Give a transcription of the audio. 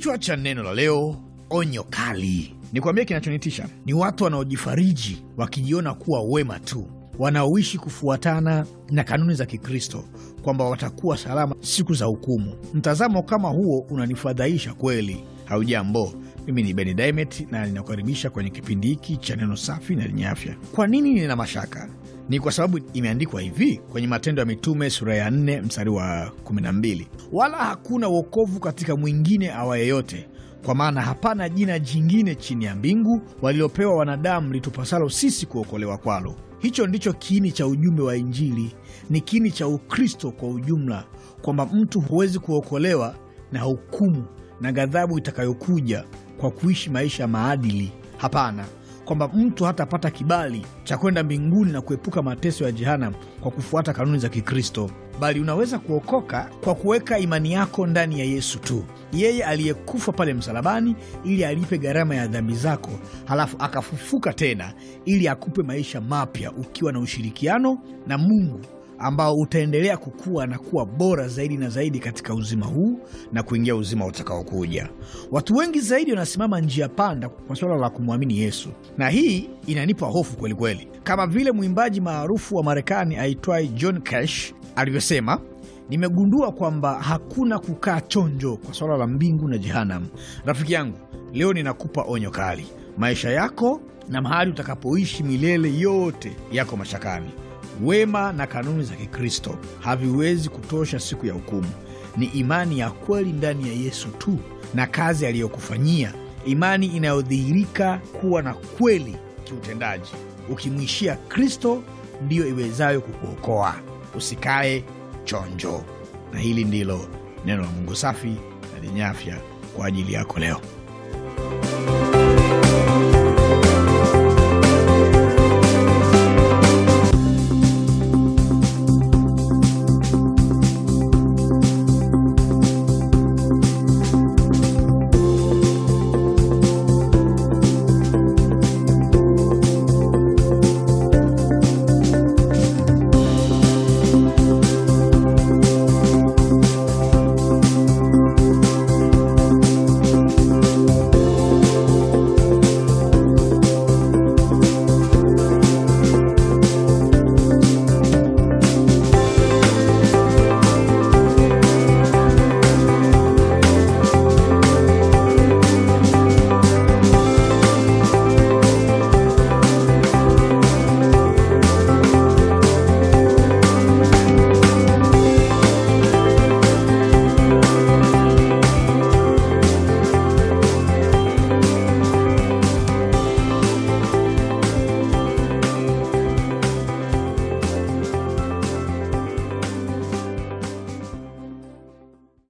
Kichwa cha neno la leo, onyo kali. kuambia kinachonitisha ni watu wanaojifariji wakijiona kuwa wema tu, wanaoishi kufuatana na kanuni za Kikristo kwamba watakuwa salama siku za hukumu. Mtazamo kama huo unanifadhaisha kweli. Haujambo, mimi ni Beni na ninakukaribisha kwenye kipindi hiki cha neno safi na lenye afya. Kwa nini nina mashaka? ni kwa sababu imeandikwa hivi kwenye Matendo ya Mitume sura ya 4 mstari wa 12, wala hakuna wokovu katika mwingine awa yeyote, kwa maana hapana jina jingine chini ya mbingu waliopewa wanadamu litupasalo sisi kuokolewa kwalo. Hicho ndicho kiini cha ujumbe wa Injili, ni kiini cha Ukristo kwa ujumla, kwamba mtu huwezi kuokolewa na hukumu na ghadhabu itakayokuja kwa kuishi maisha maadili. Hapana kwamba mtu hatapata kibali cha kwenda mbinguni na kuepuka mateso ya jehanamu kwa kufuata kanuni za Kikristo, bali unaweza kuokoka kwa kuweka imani yako ndani ya Yesu tu, yeye aliyekufa pale msalabani ili alipe gharama ya dhambi zako, halafu akafufuka tena ili akupe maisha mapya ukiwa na ushirikiano na Mungu ambao utaendelea kukua na kuwa bora zaidi na zaidi katika uzima huu na kuingia uzima utakaokuja. Watu wengi zaidi wanasimama njia panda kwa swala la kumwamini Yesu, na hii inanipa hofu kwelikweli, kama vile mwimbaji maarufu wa Marekani aitwaye John Cash alivyosema Nimegundua kwamba hakuna kukaa chonjo kwa swala la mbingu na jehanamu. Rafiki yangu, leo ninakupa onyo kali. Maisha yako na mahali utakapoishi milele yote yako mashakani. Wema na kanuni za Kikristo haviwezi kutosha siku ya hukumu. Ni imani ya kweli ndani ya Yesu tu na kazi aliyokufanyia, imani inayodhihirika kuwa na kweli kiutendaji. Ukimwishia Kristo ndiyo iwezayo kukuokoa. Usikae chonjo. Na hili ndilo neno la Mungu safi na lenye afya kwa ajili yako leo.